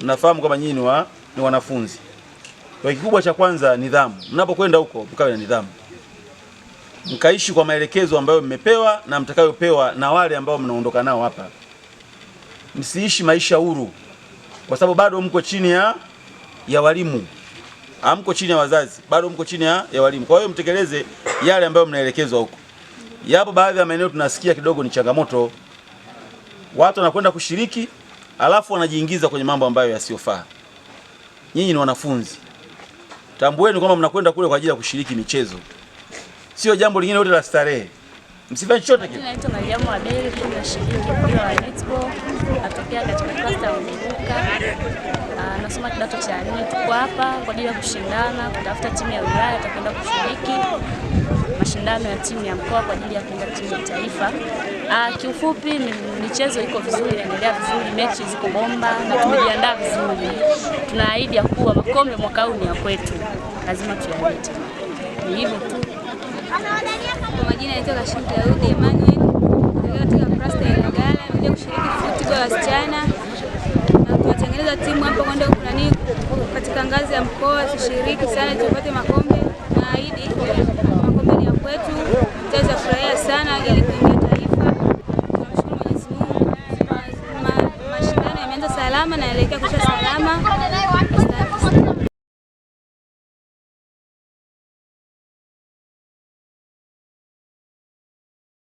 Nafahamu kwamba nyinyi ni wanafunzi. Kwa kikubwa cha kwanza nidhamu. Mnapokwenda huko mkawe na nidhamu, mkaishi kwa maelekezo ambayo mmepewa na mtakayopewa na wale ambao mnaondoka nao hapa. Msiishi maisha huru, kwa sababu bado mko chini ya ya walimu hamko chini ya wazazi, bado mko chini ya, ya walimu. Kwa hiyo mtekeleze yale ambayo mnaelekezwa huko. Yapo baadhi ya maeneo tunasikia kidogo ni changamoto, watu wanakwenda kushiriki alafu wanajiingiza kwenye mambo ambayo yasiyofaa. Nyinyi ni wanafunzi, tambueni kwamba mnakwenda kule kwa ajili ya kushiriki michezo, sio jambo lingine lote la starehe. Msifanye chochote kile. kama kidato cha nne tuko hapa kwa ajili ya kushindana kutafuta timu ya wilaya tutakwenda kushiriki mashindano ya timu ya mkoa kwa ajili ya kuenda timu ya taifa. Ah, kiufupi michezo iko vizuri, inaendelea vizuri, mechi ziko bomba na tumejiandaa vizuri. Tunaahidi ya kuwa makombe mwaka huu ni ya kwetu, lazima tuyalete. Ni hivyo tu. Kwa majina naitwa Kashim Daudi Emmanuel, kutoka Prasta ya Ngala, kushiriki wasichana na tunatengeneza timu ngazi ya mkoa tushiriki sana tupate makombe. Naahidi makombe ni ya kwetu, mchezo furahia sana ili kuingia taifa. Tunamshukuru Mwenyezi Mungu, mashindano yameanza salama na yaelekea kuisha salama.